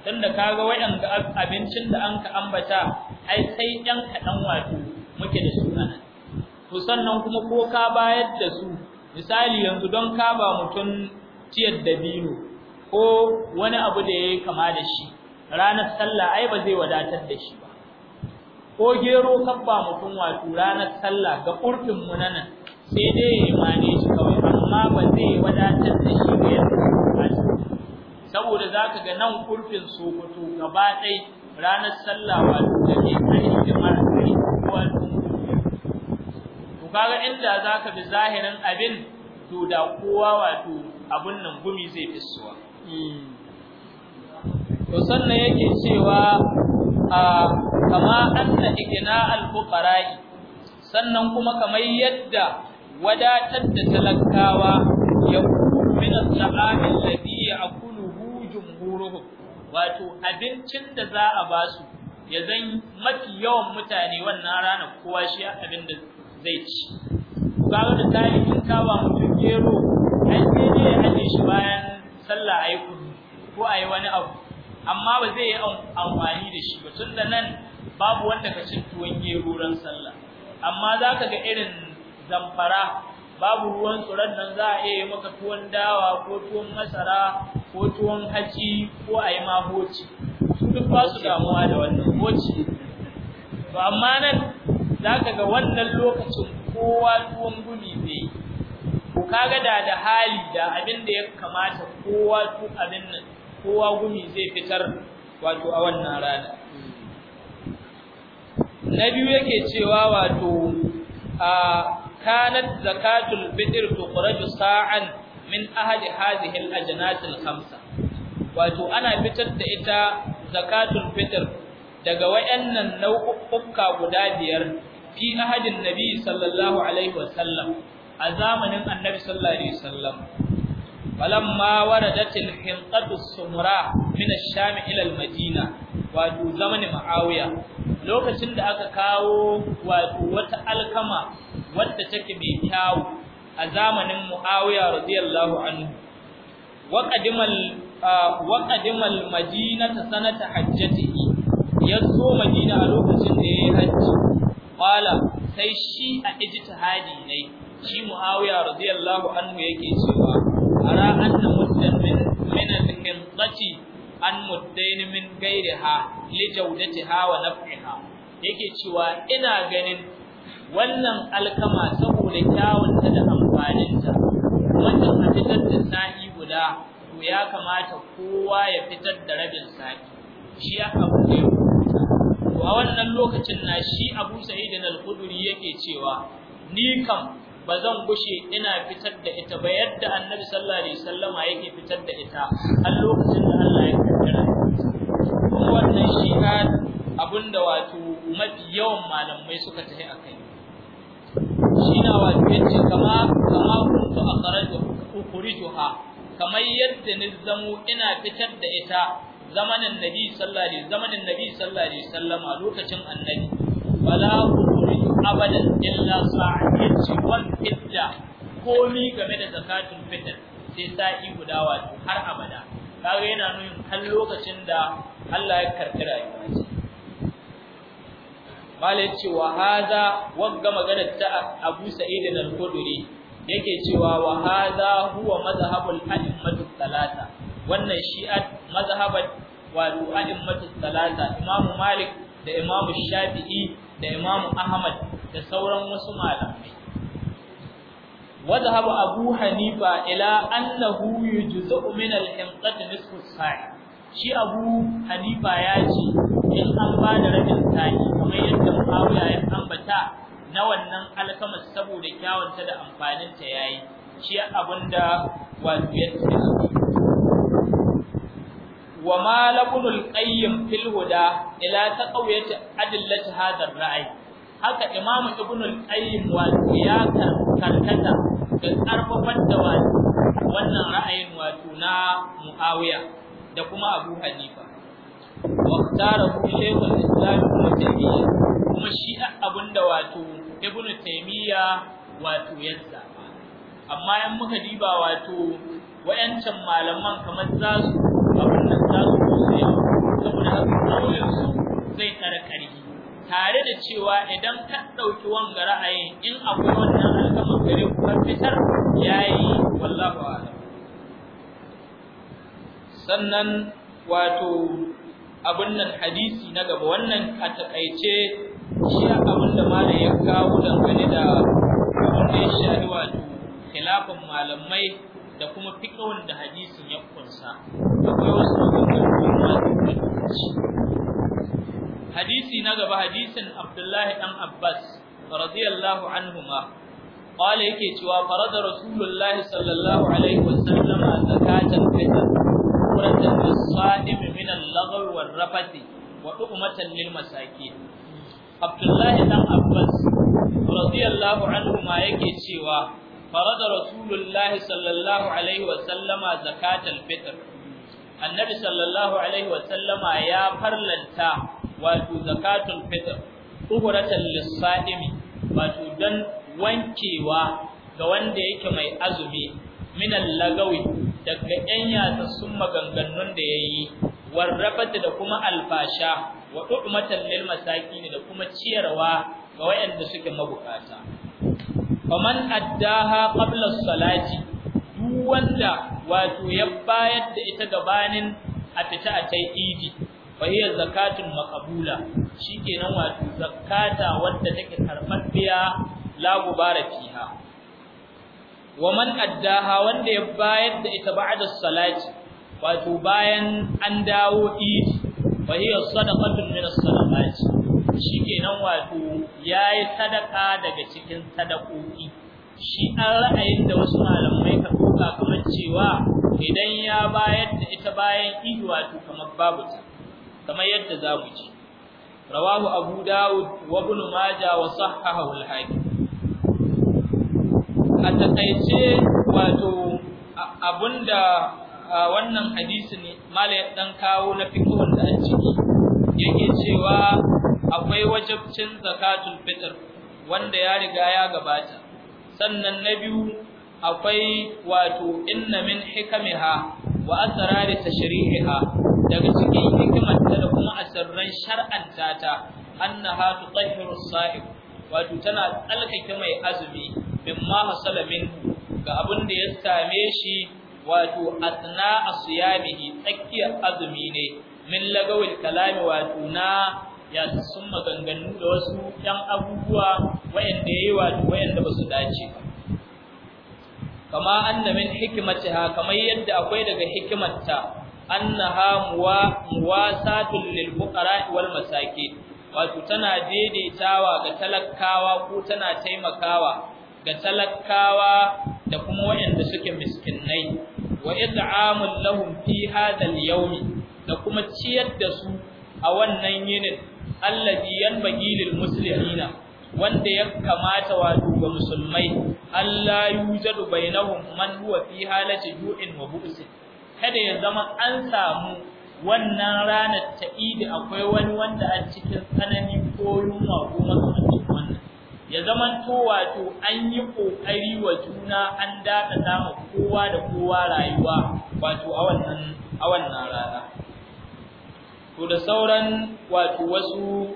tunda kaga wayanda abincin da an ka ambata ai sai yan kadan wato muke da su nan to sannan kuma ko ka bayar da su misali yanzu don kaba ba mutum ciyar dabino ko wani abu da yayi kama da shi ranar sallah ai ba zai wadatar da shi ba ko gero kan mutum wato ranar sallah ga kurfin mu nan sai dai ya mane shi kawai amma ba zai wadatar da shi ba saboda zaka ga nan kurfin sokoto gaba ɗaya ranar sallah wato take kai da mara kaga inda ka bi zahirin abin to da kowa wato abun nan gumi zai fisuwa to sannan yake cewa a kama anna igina al-fuqara'i sannan kuma kamar yadda wadatar da talakawa ya min al-ta'amil ladhi ya'kuluhu jumhuruhum wato abincin da za a basu ya zan mafi yawan mutane wannan rana kowa shi abin da zai ci ba wani dalibin ba mu gero an sai ne ya aje shi bayan sallah ayi kudu ko ayi wani abu amma ba zai yi amfani da shi ba tunda nan babu wanda ka cin tuwon gero ran sallah amma zaka ga irin zamfara babu ruwan tsoron nan za a iya maka tuwon dawa ko tuwon masara ko tuwon haci ko a yi ma hoci su duk ba su damuwa da wannan hoci to amma nan zaka ga wannan lokacin kowa tuwon gumi zai ko kaga da da hali da abin da ya kamata kowa duk abin nan kowa gumi zai fitar wato a wannan rana na biyu yake cewa wato a kanat zakatul fitr da sa'an min ahadi hadhihi al-ajnat al-khamsa wato ana fitar da ita zakatul fitr daga wayannan nau'uka guda biyar fi ahadin nabi sallallahu alaihi wasallam a zamanin annabi sallallahu alaihi wasallam falamma waradat al-hinqatu sumra min ash-sham ila al-madina wato zamanin muawiya lokacin da aka kawo wato wata alkama wadda take mai kyawu a zamanin muawiya radiyallahu anhu waqadimal waqadimal madinata sanata hajjatihi yazo madina a lokacin da yayi hajji qala sai shi a ijtihadi ne shi muawiya radiyallahu anhu yake cewa ara anna muddan min al-qillati an muddain min hawa li jawdatiha wa naf'iha yake cewa ina ganin wannan alkama saboda kyawunta da amfanin ta wannan a fitar da sa'i guda to ya kamata kowa ya fitar da rabin sa'i shi ya kamata to a wannan lokacin na shi Abu Sa'id al-Khudri yake cewa ni kam bazan gushe ina fitar da ita ba yadda Annabi sallallahu alaihi wasallama yake fitar da ita a lokacin da Allah ya kaddara kuma wannan shi ka abinda wato mafi yawan malamai suka tafi akai shi na wato yace kama kama kuntu akhrajuha kamar yadda ni zamo ina fitar da ita zamanin nabi sallallahu zamanin nabi sallallahu sallama lokacin annabi wala kufuri abadan illa sa'atin wal idda komi game da zakatun fitr sai sa'i guda wato har abada kaga yana nuna kan lokacin da Allah ya karkira shi malai cewa wahaza wagga maganar ta Abu Sa'id al-Khudri yake cewa wa hada huwa madhhabul a'immatu thalatha wannan shi'at mazhabat walu a'immatu salata imam malik da imam shafi'i da imam ahmad da sauran wasu malamai wadhhabu abu hanifa ila annahu yujzu min al-hinqat nisfu sa'i shi abu hanifa ya ce in an ba da rabin sa'i kamar yadda muawiya ya ambata na wannan alkamar saboda kyawunta da amfanin ta yayi shi abinda wato ya wa ma qayyim fil huda ila taqawiyati adillati hadha ar-ra'i haka imam ibn al-qayyim wa ziyata karkata da karfafar da wannan ra'ayin wato na muawiya da kuma abu hanifa waqtara shaykh al-islam ibn taymiyyah kuma shi abunda wato ibn taymiya wato yadda amma yan muka diba wato wayancan malaman kamar zasu abin za su kusa yau saboda zai tsara ƙarfi tare da cewa idan ka ɗauki wanga ra'ayi in akwai wannan alƙaman gare ku fitar ya yi wallahu alam sannan wato abin nan hadisi na gaba wannan a taƙaice shi abin da malam ya kawo dangane da abin da wato khilafin malamai da kuma fiƙon da hadisin ya kunsa akwai wasu hadisi na gaba hadisin Abdullahi dan Abbas radiyallahu anhuma qala yake cewa farada rasulullahi sallallahu alaihi wasallam zakatan fitr quratan lis min al-lagwi war-rafathi wa tu'matan lil-masakin Abdullahi dan Abbas radiyallahu anhuma yake cewa فرض رسول الله صلى الله عليه وسلم زكاة الفطر النبي صلى الله عليه وسلم يا فرلنتا واتو زكاة الفطر طهرة للصائم واتو دن ga wanda yake mai azumi min lagawi daga yan yatsa sun maganganun da yayi warrafata da kuma alfasha wa tu'matan lil masakin da kuma ciyarwa ga waɗanda suke mabuƙata. faman addaha qabla salati duk wanda wato ya bayar da ita gabanin a fita a tai idi fa hiya zakatun maqbula kenan wato zakata wanda take biya la gubara waman addaha wanda ya bayar da ita ba'da salati wato bayan an dawo idi fa hiya sadaqatun min as salati kenan wato yayi sadaka daga cikin sadakoki shi an ra'ayin da wasu malamai ka duka kamar cewa idan ya bayar da ita bayan ido wato kamar babu ta kamar yadda ji rawahu abu daud wa ibn majah wa sahahahu al-hakim a takaice wato abunda wannan hadisi ne malai dan kawo na fikihun da a ciki yake cewa akwai wajabcin zakatul fitr wanda ya riga ya gabata sannan na biyu akwai wato inna min hikamiha wa asrar tashri'iha daga cikin hikimar da kuma asirran shar'anta ta annaha tutahhiru as wato tana tsalkake mai azumi mimma hasala minhu ga abin da ya same shi wato asna asyamihi tsakiyar azumi ne min lagawil kalami wato na ya sun maganganu da wasu ɗan abubuwa wayanda yayi wa wayanda ba su dace ba kama anna min ha kamar yadda akwai daga hikimarta annaha muwa muwasatul lil fuqara wal masaki wato tana daidaitawa ga talakawa ko tana taimakawa ga talakawa da kuma wayanda suke miskinai wa id'amul lahum fi hadha al da kuma ciyar da su a wannan yinin allazi yanbagi lil muslimina wanda ya kamata wato ga musulmai Allah yujadu bainahum man huwa fi halati ju'in wa bu'si kada ya zama an samu wannan ranar ta akwai wani wanda a cikin tsanani ko yunwa ko matsalolin wannan ya zama to wato an yi kokari wa juna an daka kowa da kowa rayuwa wato a wannan a wannan rana to da sauran wato wasu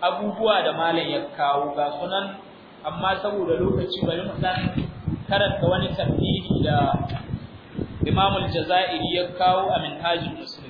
abubuwa da malam ya kawo ga sunan amma saboda lokaci bari mu san karanta wani tafsiri da Imam al-Jazairi ya kawo a Minhajul Muslim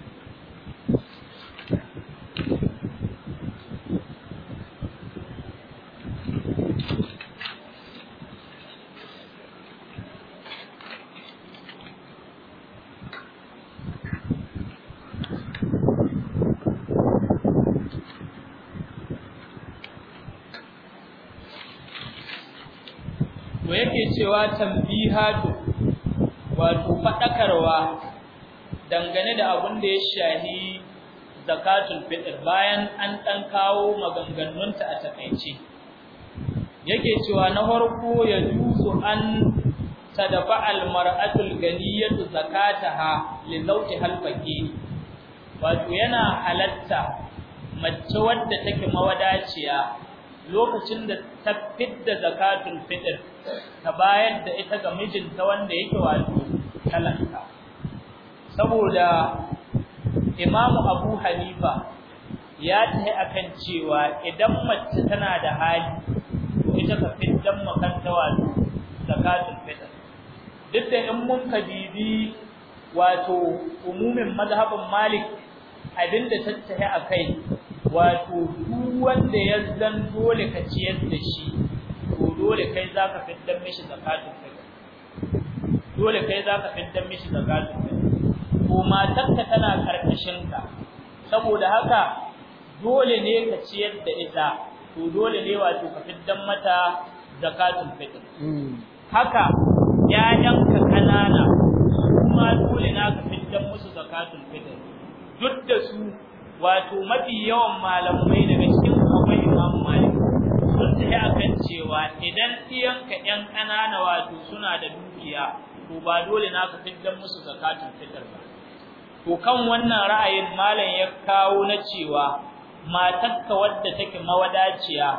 cewa tambihatu wato fadakarwa dangane da abun da ya shahi zakatul fitr bayan an dan kawo maganganunta a takeice yake cewa na farko ya juzu an sadafa al mar'atul ganiyatu zakataha li zawjiha al wato yana halatta mace wadda take mawadaciya lokacin da ta fidda zakatul fitr ta bayar da ita ga mijinta wanda yake wato talaka saboda imamu abu hanifa ya tahi akan cewa idan mace tana da hali to ita ka dan makanta wato zakatul fitr duk da in mun bibi wato umumin mazhabin malik abin abinda tattahe akai wato duk wanda ya zan dole ka ciyar da shi dole kai zaka fitar mishi zakatun kai dole kai zaka fitar mishi zakatun kai ko tanka tana karkashin ka saboda haka dole ne ka ciyar da ita to dole ne wato ka fitar mata zakatun fitr hmm. haka ka kanana kuma dole na ka fitar musu zakatun fitr duk da su wato mafi yawan malamai daga cikin akwai imamu Malik sun tafi akan cewa idan ɗiyanka ‘yan ƙanana wato suna da dukiya to ba dole na ka fitar musu zakatun fitar ba to kan wannan ra'ayin malam ya kawo na cewa matarka wadda take mawadaciya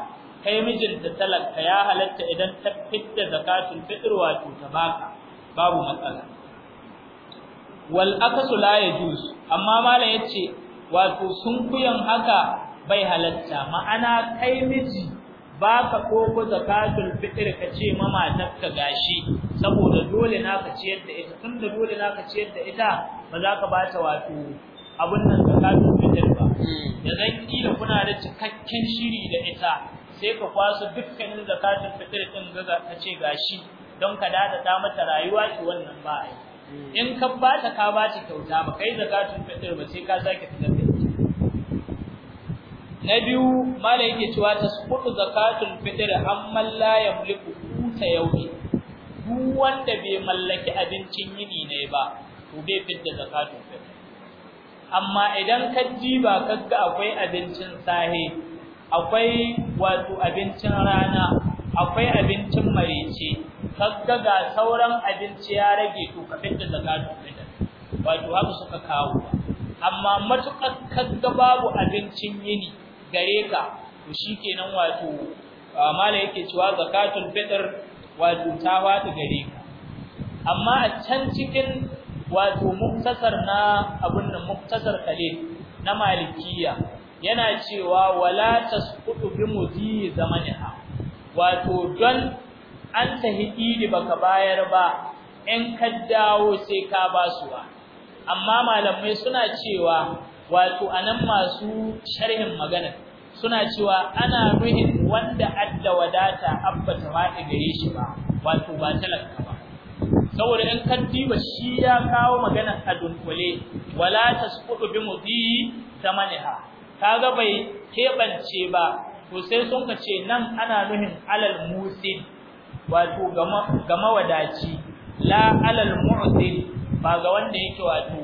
kai mijinta talaka ya halatta idan ta fitar zakatun fitar wato ta baka babu matsala wal aqsu la yajuz amma malam yace wato sun kuyan haka bai halatta ma'ana kai miji baka koko zakatul fitr ka ce mama takka gashi saboda dole na ka ciyar da ita tunda dole na ka ciyar da ita ba za ka bata wato abun nan zakatul fitr ba da hmm. zan da kuna da cikakken shiri da ita sai ka kwaso dukkanin zakatul fitr din ga ka ce gashi don ka dada ta mata rayuwa ki wannan ba ai hmm. in ka bata ka bata kyauta ba kai zakatul fitr ba sai ka zaki fitar na biyu mala yake cewa tasqutu zakatul fitr amma la yamliku ta ne, duk wanda bai mallaki abincin yini ne ba to bai fitta zakatul fitr amma idan ka diba kaga akwai abincin sahi akwai wato abincin rana akwai abincin marece kaga ga sauran abinci ya rage to ka fitta zakatul fitr wato haka suka kawo amma matukar kaga babu abincin yini gare ka to kenan wato ah, mala yake cewa zakatul fitr wato ta wata gare ka amma a can cikin wato muktasar na abun nan muktasar kale na malikiya yana cewa wala tasqutu bi mudi zamaniha wato don an tahi idi baka bayar ba in ka dawo sai ka basuwa amma malamai suna cewa wato anan masu sharhin maganar suna cewa ana ruhin wanda adda wadata abba ta mata gare shi ba wato ba talaka ba saboda in diba shi ya kawo magana a dunkule wala tasqutu bi mudi tamaniha kaga bai kebance ba to sai sun ka ce nan ana ruhin alal musin wato ga mawadaci la alal mu'til ba ga wanda yake wato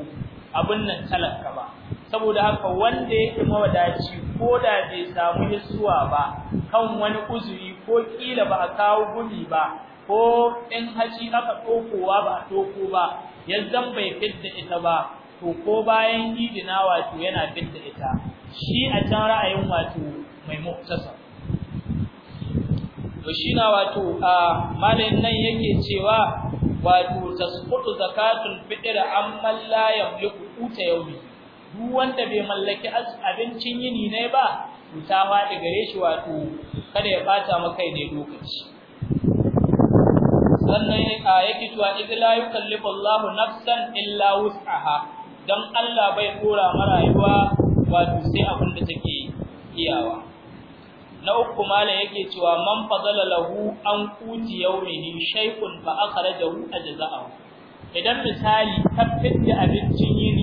abun nan talaka ba saboda haka wanda yake mawadaci ko da bai samu yasuwa ba kan wani uzuri ko kila ba a kawo gumi ba ko in haji aka tokowa ba a toko ba yanzu bai fidda ita ba to ko bayan idina wato yana fidda ita shi a can ra'ayin wato mai muktasa to shi na wato a malamin nan yake cewa wato tasqutu zakatul fitr amma la yamliku uta yawmi duk wanda bai mallaki abincin yini ne ba ta faɗi gare shi wato kada ya bata maka ne lokaci sannan a yake cewa idza la yukallifu Allahu nafsan illa wus'aha dan Allah bai dora marayuwa wato sai abin da take iyawa na uku mala yake cewa man fadala lahu an kuti yawmihi shay'un fa akhrajahu ajza'ahu idan misali tabbata abincin yini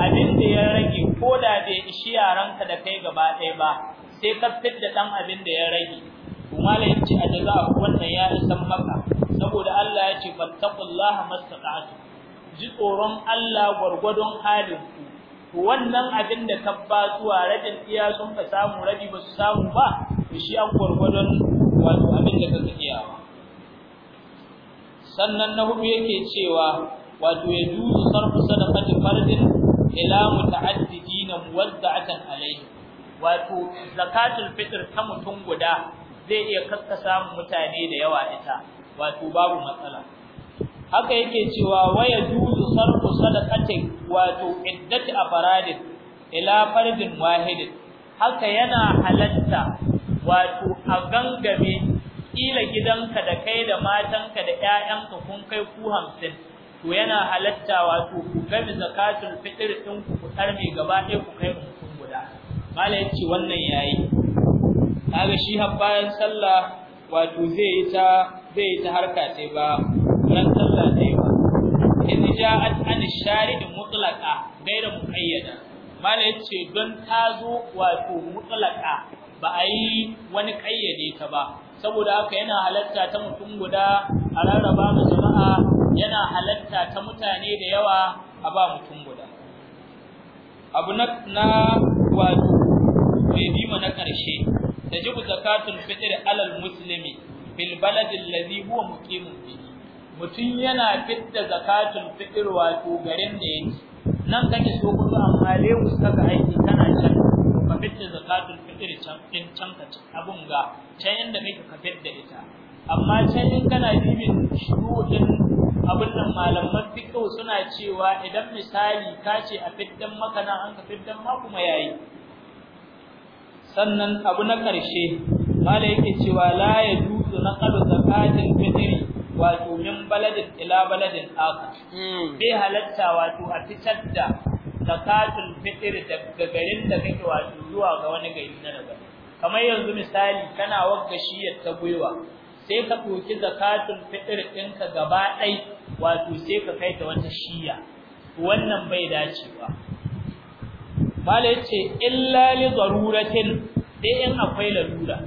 abin da ya rage ko da bai ishi yaranka da kai gaba ɗaya ba sai ka fitta ɗan abin da ya rage malai yace a jaza wannan ya isan maka saboda Allah yace fattaqullaha mastata'tu ji tsoron Allah gurgudun halin ku wannan abin da ka ba zuwa rajin iya sun ka samu rabi ba su samu ba shi an gurgudun wato abin da kake iyawa sannan na hudu yake cewa wato ya duzu sarfu sadaqatin fardin ila muta'addidina muwadda'atan alayhi wato zakatul fitr ta mutum guda zai iya kakkasa mutane da yawa ita wato babu matsala haka yake cewa waya juzu sarfu sadaqatin wato iddati afaradin ila fardin wahidin haka yana halatta wato a gangame kila gidanka da kai da matanka da ƴaƴanka kun kai ku 50 to yana halatta wato ku gami zakatul fitr din ku ku tsarme gaba ɗaya ku kai mutum guda mala yace wannan yayi kaga shi har bayan sallah wato zai yi ta zai yi ta harka sai ba ran sallah sai ba in ja'at an sharid mutlaqa gaira muqayyada mala yace don ta zo wato mutlaqa ba a yi wani kayyade ta ba saboda haka yana halatta ta mutum guda a rarraba ga jama'a yana halatta ta mutane da yawa a ba mutum guda abu na na wato mai bima na karshe tajibu zakatun fitr alal muslimi fil balad alladhi huwa muqimun fihi mutum yana fitta zakatul fitr wato garin da yake nan kake so kullu amma lewu kaga aiki kana can ka fitta zakatul fitr can can ka abun ga can inda kake ka fitta ita amma can in kana bibin shuruɗin abin nan malaman fiqh suna cewa idan misali ka ce a fiddan maka nan an ka fiddan ma kuma yayi sannan abu na ƙarshe mala yake cewa la ya na naqalu zakatin fitri wato min baladin ila baladin aka hmm. be halatta wato a fitar da zakatin fitri daga garin da kake wato zuwa ga wani gari na daban kamar yanzu misali kana wagga shiyar ta gwiwa sai ka ɗauki zakatul fitr ɗinka gaba ɗai wato sai ka kai ta wata shiya wannan bai dacewa mala yace illa li zaruratin, sai in akwai lalura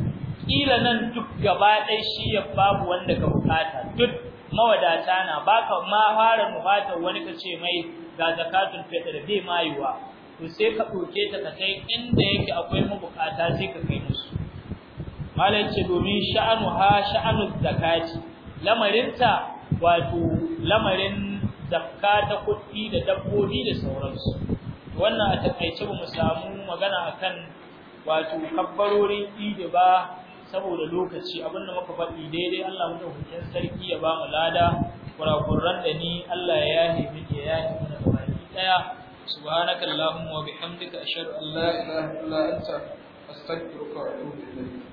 kila nan duk gaba ɗai shiya babu wanda ka bukata duk mawadata na baka ma fara bukatar wani ka ce mai ga zakatul fitr bai mayuwa to sai ka ɗauke ta ka kai inda yake akwai mabukata sai ka kai musu malan ce domin sha'anu ha sha'anu zakati lamarinta wato lamarin zakka ta kuɗi da dabbobi da sauransu wannan a takaice ba mu samu magana akan wato kabbarorin idi ba saboda lokaci abinda muka faɗi daidai Allah dauke sarki ya ba mu lada kurakuran da ni Allah ya yahi muke ya mana gabaki daya subhanakallahumma wa bihamdika ashhadu an la ilaha illa anta astaghfiruka wa atubu ilayk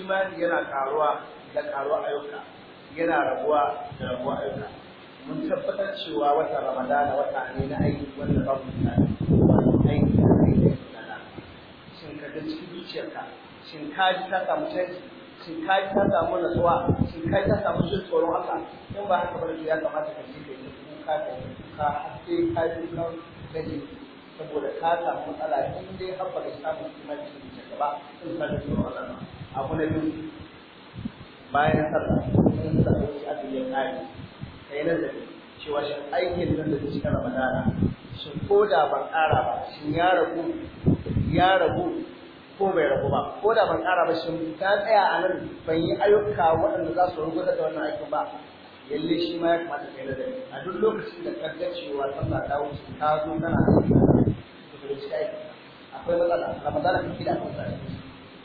imani yana karuwa da karuwa ayyuka yana rabuwa da rabuwa ayyuka mun tabbatar cewa wata ramadana wata ne na aiki wanda babu tunani aiki da aiki na shin ka ga cikin zuciyarka shin ka ji ta samu canji shin ka ji ta samu zuwa? shin ka ji ta samu shi tsoron haka? in ba haka ba ya kamata ka ji ka yi kuka ka yi kuka har sai ka ji ka saboda ka samu matsala in dai har ba ka samu imani da ke gaba sun sa da tsoron Allah abu na biyu bayan sallah sun sa da shi azumi ya Ta yi nan da cewa shi aikin nan da cikin Ramadana shi ko da ban ƙara ba shi ya ragu ya ragu ko bai ragu ba ko da ban ƙara ba shi ta tsaya a nan ban yi ayyuka waɗanda za su rugu da wannan aikin ba yalle shi ma ya kamata kai da a duk lokacin da ka ga cewa sallah ta wuce ka zo kana da shi aiki akwai matsala ramadana kan kila kan sai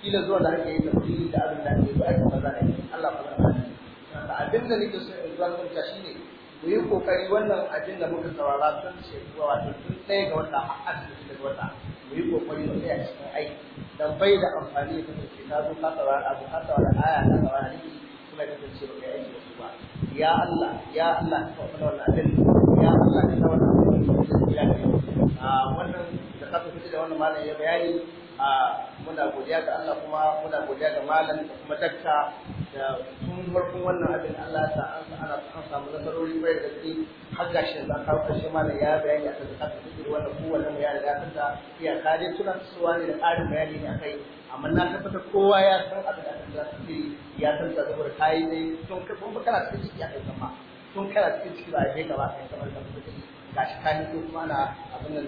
kila zuwa da ake yi da kudi da abin da ake yi aiki maza ne Allah kuma ya da abin da nake so in zuwa kun ta shine ku yi kokari wannan abin da muka saurara tun shekuwa wato tun ɗaya ga wata har asibiti daga wata mu yi kokari mu tsaya cikin aiki dan bai da amfani da kake ka zo ka saurara abu ka saurara aya ka saurara hadisi kuma ka tace ba kai aiki da su ba ya Allah ya Allah ka fara wannan abin ya Allah ka fara wannan malam ya bayani a muna godiya ga Allah kuma muna godiya ga malam da kuma dakta da sun farkon wannan abin Allah ta an ana an samu nasarori bai da shi har ga shi da kawo shi malam ya bayani a kan da duk wannan kowanne da ya riga ta da iya kare suna tsuwa ne da ƙarin bayani ne akai amma na tabbata kowa ya san abin da za su yi ya san ta saboda kai ne sun kuma kana cikin ciki kai kuma sun kana cikin ciki ba a je gaba kai kamar da kuka ga shi kai kuma na abin nan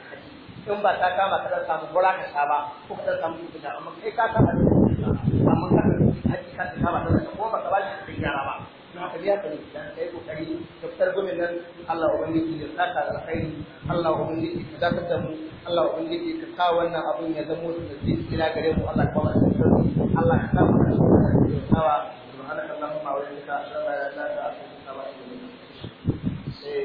in ba ta kama ka dan samu gura ka saba ba ko ka dan samu da amma kai ka saba da amma ka haƙi ka saba da ko ba ka ba shi da yara ba na ka biya ka ne dan kai kokari doktor gumin nan Allah ubangiji ya saka da kai Allah ubangiji ka dakatar da mu Allah ubangiji ka sa wannan abun ya zama da zai ila gare mu Allah ka ba mu Allah ka ba mu sawa